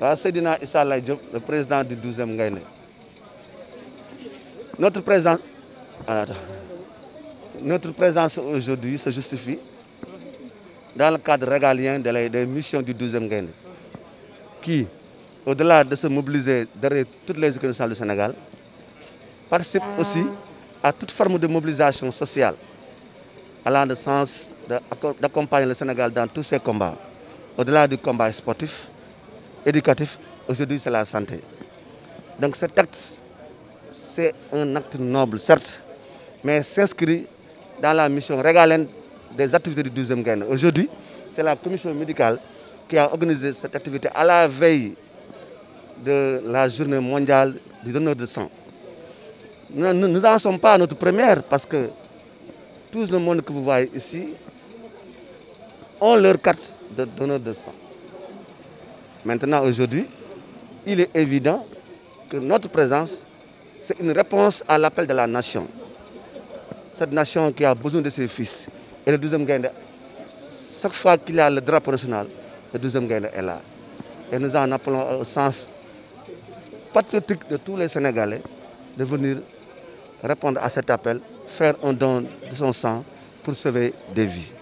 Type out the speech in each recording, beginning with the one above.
waaw Seydina Issa Laye Diop le président du 12e Gaïndé notre présence ah, notre présence aujourd'hui se justifie dans le cadre régalien de la des missions du 12e Gaïndé qui au-delà de se mobiliser derrière toutes les économies du Sénégal participe aussi à toute forme de mobilisation sociale allant dans le sens d'accompagner le Sénégal dans tous ses combats au-delà du combat sportif éducatif, aujourd'hui c'est la santé. Donc cet acte, c'est un acte noble, certes, mais s'inscrit dans la mission régalienne des activités du 12e Ghana. Aujourd'hui, c'est la commission médicale qui a organisé cette activité à la veille de la journée mondiale du donneur de sang. Nous n'en sommes pas à notre première parce que tout le monde que vous voyez ici ont leur carte de donneur de sang. Maintenant, aujourd'hui, il est évident que notre présence, c'est une réponse à l'appel de la nation. Cette nation qui a besoin de ses fils. Et le deuxième Gaïnde, chaque fois qu'il y a le drapeau national, le deuxième Gaïnde est là. Et nous en appelons au sens patriotique de tous les Sénégalais de venir répondre à cet appel, faire un don de son sang pour sauver des vies.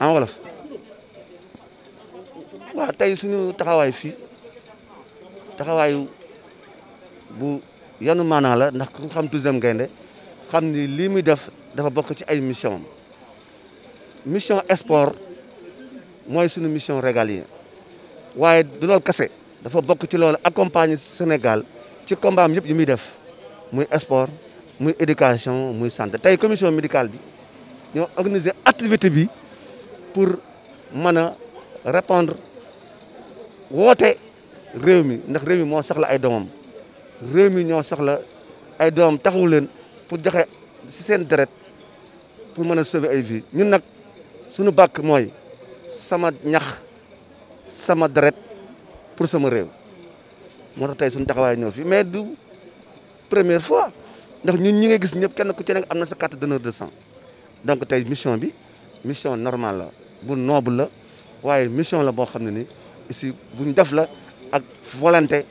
En Wolof. waaw tey suñu taxawaay fii taxawaayu bu yanu maanaa la ndax ku xam douzième gaynde xam ni lii muy def dafa bokk ci ay mission mission sport mooy sunu mission régalienne waaye du loolu kese dafa bokk ci loolu accompagner Sénégal ci combat am yëpp yu muy def muy sport muy éducation muy santé tey commission médicale bi ñoo organiser activité bi pour mën a répondre woote réew mi ndax réew mi moo soxla ay doomam réew mi ñoo soxla ay doomam taxawu leen pour joxe si seen deret pour mën a sauver ay vi ñun nag suñu bàkk mooy sama ñax sama deret pour sama réew moo tax tey suñu taxawaay ñëw fii mais du première fois ndax ñun ñi nga gis ñëpp kenn ku ci nekk am na sa carte d'honneur de sang donc tey mission bi mission normale la bu noble la waaye mission la boo xam ne ni ici buñ def la ak volonté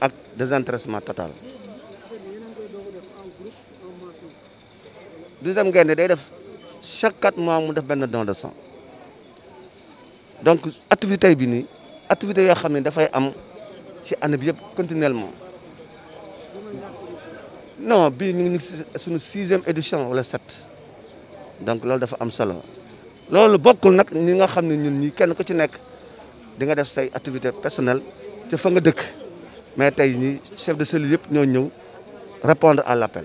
ak désintéressement total. deuxième gaynde day def chaque quatre mois mu def benn don de sang donc activité bi nii activité yoo xam ne dafay am ci année bi yëpp continuellement non bii ñu ngi suñu sixième édition wala sept donc loolu dafa am solo loolu bokkul nag ñi nga xam ne ñun ñi kenn ku ci nekk di nga def say activité personnelle ca fa nga dëkk mais tey ñi chef de cellule yëpp ñoo ñëw répondre à l'appel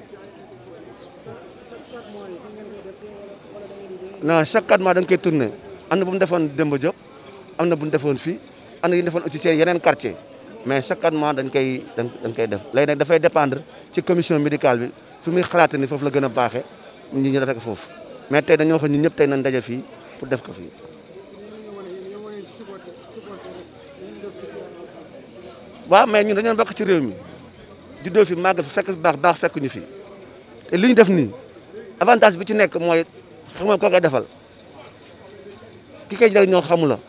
non chaque quatre mois da nga koy tourné am na bu mu defoon Demba Diop am na bu mu defoon fii am na yu defoon aussi ci yeneen quartier mais chaque quatre mois dañ koy dañ koy def léegi nag dafay dépendre ci commission médical bi fi muy xalaate ni foofu la gën a baaxee ñi ñu defee ko foofu mais tey dañoo wax ñun ñëpp tey na daje fii pour def ko fii waaw mais ñun dañoo bokk ci réew mi juddoo fi màggal fi fekk fi baax baax fekk ñu fi te li ñu def nii avantage bi ci nekk mooy xamoo koo defal ki koy jëriñoo xamu la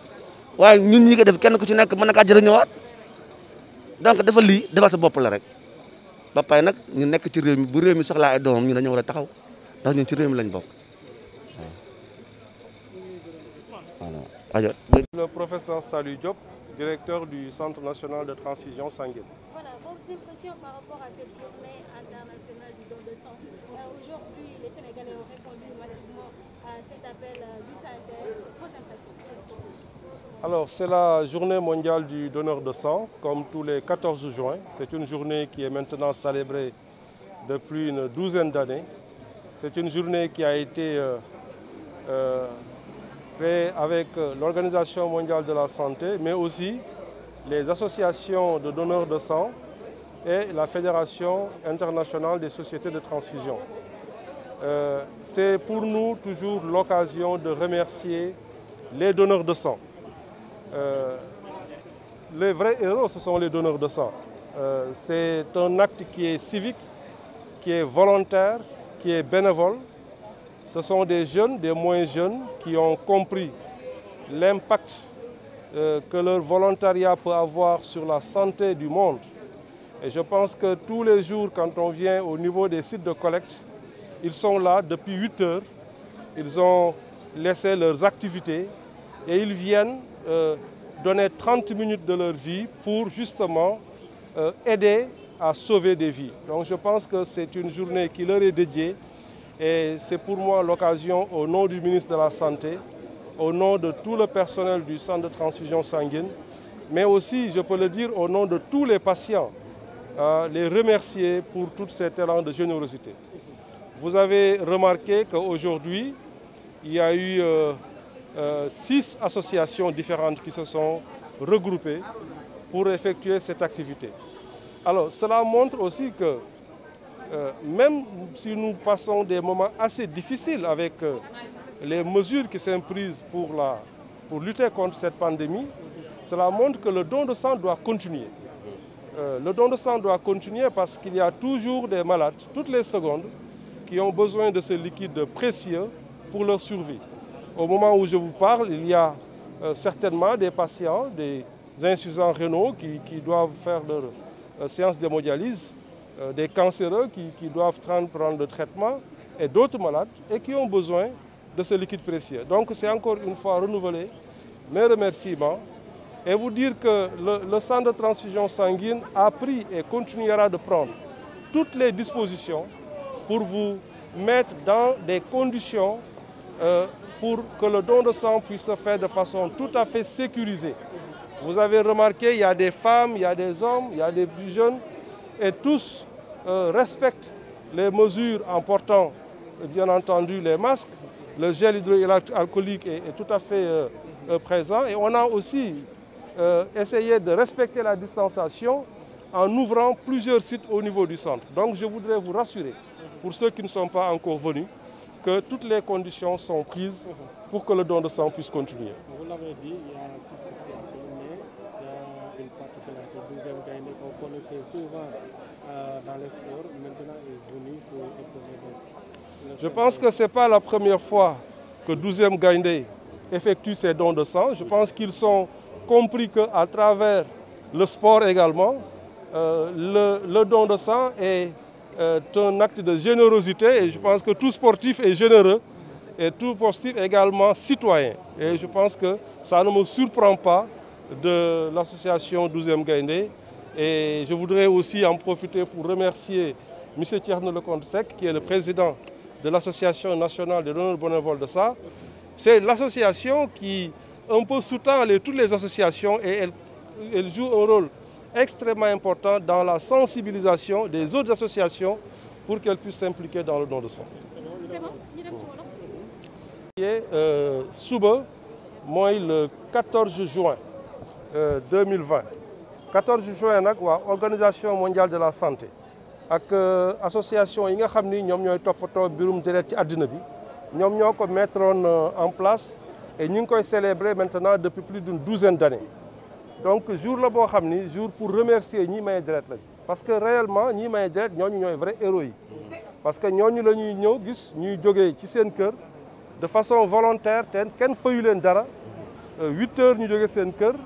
waaye ñun ñi ko def kenn ku ci nekk mën na kaa jëriñoowaat donc defal lii defal sa bopp la rek ba pare nag ñu nekk ci réew mi bu réew mi soxlaa ay doomam ñu dañoo war a taxaw ndax ñun ci réew mi lañ bokk waaw. Le professeur Salou Diop directeur du Centre national de transfusion sanguine. Voilà, vos impressions par rapport du don de sang. Euh, Aujourd'hui, les Sénégalais ont répondu massivement à cet appel euh, du SADES. Vos impressions Alors, c'est la journée mondiale du donneur de sang, comme tous les juin. C'est une journée qui est maintenant célébrée depuis une douzaine d'années. C'est une journée qui a été euh, euh, créé avec euh, l'Organisation mondiale de la santé, mais aussi les associations de donneurs de sang et la Fédération internationale des sociétés de transfusion. Euh, C'est pour nous toujours l'occasion de remercier les donneurs de sang. Euh, les vrais héros, ce sont les donneurs de sang. Euh, C'est un acte qui est civique, qui est volontaire, qui est bénévole, Ce sont des jeunes, des moins jeunes, qui ont compris l'impact euh, que leur volontariat peut avoir sur la santé du monde. Et je pense que tous les jours, quand on vient au niveau des sites de collecte, ils sont là depuis 8 heures. Ils ont laissé leurs activités et ils viennent euh, donner 30 minutes de leur vie pour justement euh, aider à sauver des vies. Donc je pense que c'est une journée qui leur est dédiée. Et c'est pour moi l'occasion, au nom du ministre de la Santé, au nom de tout le personnel du centre de transfusion sanguine, mais aussi, je peux le dire, au nom de tous les patients, euh, les remercier pour tout cet élan de générosité. Vous avez remarqué qu'aujourd'hui, il y a eu euh, euh, six associations différentes qui se sont regroupées pour effectuer cette activité. Alors, cela montre aussi que Euh, même si nous passons des moments assez difficiles avec euh, les mesures qui sont prises pour, la, pour lutter contre cette pandémie, cela montre que le don de sang doit continuer. Euh, le don de sang doit continuer parce qu'il y a toujours des malades, toutes les secondes, qui ont besoin de ce liquide précieux pour leur survie. Au moment où je vous parle, il y a certainement des patients, des insuffisants rénaux qui, qui doivent faire leur séance d'hémodialyse Euh, des cancéreux qui, qui doivent prendre le traitement et d'autres malades et qui ont besoin de ce liquide précieux. Donc c'est encore une fois renouvelé mes remerciements et vous dire que le, le, centre de transfusion sanguine a pris et continuera de prendre toutes les dispositions pour vous mettre dans des conditions euh, pour que le don de sang puisse se faire de façon tout à fait sécurisée. Vous avez remarqué, il y a des femmes, il y a des hommes, il y a des jeunes et tous euh, respectent les mesures en portant euh, bien entendu les masques. Le gel hydroalcoolique est, est tout à fait euh, euh, présent et on a aussi euh, essayé de respecter la distanciation en ouvrant plusieurs sites au niveau du centre. Donc je voudrais vous rassurer, pour ceux qui ne sont pas encore venus, que toutes les conditions sont prises pour que le don de sang puisse continuer. Vous l'avez dit, il y a six associations une particularité. Deuxième Gaïndé euh, Je pense que ce pas la première fois que 12e Gaïndé effectue ces dons de sang. Je pense qu'ils sont compris à travers le sport également, euh, le, le, don de sang est euh, un acte de générosité et je pense que tout sportif est généreux et tout sportif également citoyen. Et je pense que ça ne me surprend pas de l'association 12e Gaindé. Et je voudrais aussi en profiter pour remercier M. Tierno Lecomte Sec, qui est le président de l'Association nationale de l'honneur bénévole de ça. C'est l'association qui un peu sous-tend toutes les associations et elle, elle joue un rôle extrêmement important dans la sensibilisation des autres associations pour qu'elles puissent s'impliquer dans le don de sang. Euh, suba mooy le 14 juin 2020 euh, 14 juin nag waa organisation mondiale de la santé ak euh, association yi nga xam ni ñoom ñooy toppatoo mbirum deret ci àddina bi ñoom ñoo ko mettre euh, en place et ñu ngi koy célébrer maintenant depuis plus d'une douzaine d'années donc jour la boo xam ni jour pour remercier ñi maye deret lañ parce que réellement ñi may deret ñooñu ñooy vrai héros yi parce que ñooñu la ñuy ñëw gis ñuy jógee ci seen kër de façon volontaire te kenn fayu leen dara huit heures ñu jógee seen kër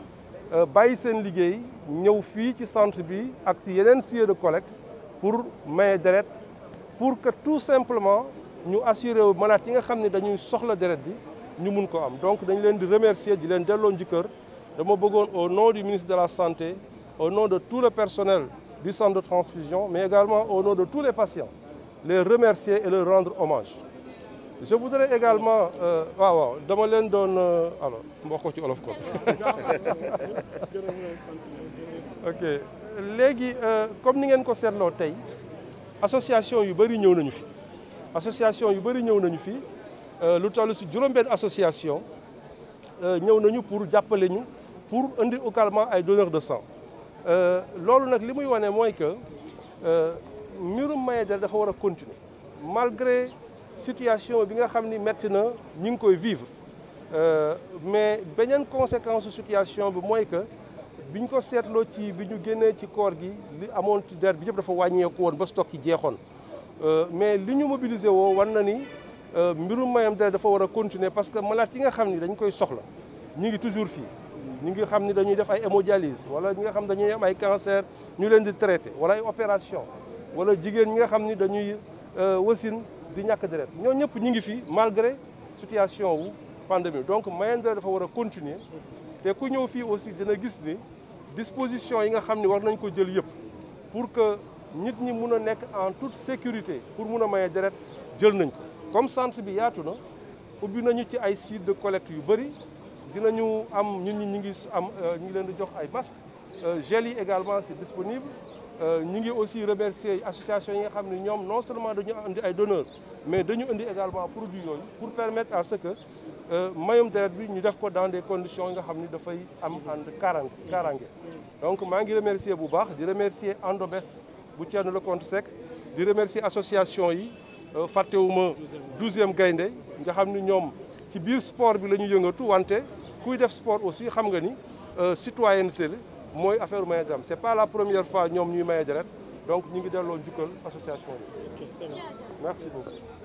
Euh, bàyyi seen liggéey ñëw fii ci centre bi ak si yeneen lieux de collecte pour maye deret pour que tout simplement ñu assuré wu malade yi nga xam ne dañuy soxla deret bi ñu mun ko am donc dañu leen di remercier di leen delloo njukkër dama bëggoon au nom du ministre de la santé au nom de tout le personnel du centre de transfusion mais également au nom de tous les patients les remercier et les rendre hommage je voudrais également euh, waaw waaw dama leen doon euh, alo wax ko ci olof kon léegi euh, comme ni ngeen ko seetloo tey association yu bëri ñëw nañu fi association yu bëri ñëw nañu fi lu toll si juróom-benn association ñëw nañu pour jàppale ñu pour indi localement ay donneurs de sang loolu nag li muy wane mooy que mbirum maye deret dafa war a continuer malgré situation bi nga xam ni métti na ñu ngi koy vivre euh, mais beneen conséquence situation bi mooy que bi ñu ko seetloo ci bi ñu génnee ci koor gi li amoon ci der bi yëpp dafa wàññeeku woon ba stock jeexoon euh, mais li ñu mobiliser woo war na ni euh, mbirum mayam deret dafa war a continuer parce que malaat yi nga xam ni dañ koy soxla ñu ngi toujours fii ñu ngi xam ni dañuy def ay hémodialyse wala ñi nga xam dañuy am ay cancer ñu leen di traité wala ay opération wala jigéen ñi nga xam ni dañuy wasin di ñàkk deret ñoo ñëpp ñi ngi fi malgré situation wu pandémie donc moyen deret dafa war a continuer te ku ñëw fii aussi dina gis ni disposition yi nga xam ni war nañ ko jël yëpp pour que nit ñi mun a nekk en toute sécurité pour mun a maye deret jël nañ ko comme centre bi yaatu na ubbi nañu ci ay sites de collecte yu bëri ñu am ñun ñi ñi ngi am euh, ñu ngi leen di jox ay masques euh, gel yi également c'est disponible Euh, ñu ngi aussi remercier association yi nga xam ne ñoom non seulement dañu indi ay donneurs mais dañu indi également produit yooyu pour permettre à ce que euh, mayum deret bi ñu def ko dans des conditions yi nga xam ni dafay am ànd kaaraange kaaraange donc maa ngi remercier bu baax di remercier Andobes bu Thierno Leconte Seck di remercier association yi euh, fàttewuma douzième gaynde nga xam ni ñoom ci biir sport bi la ñu yëngatu wante kuy def sport aussi xam nga ni citoyenneté la mooy affaire maye dram c'est pas la première fois ñoom ñuy maye deret donc ñu ngi delloo njukkal association yi merci beaucoup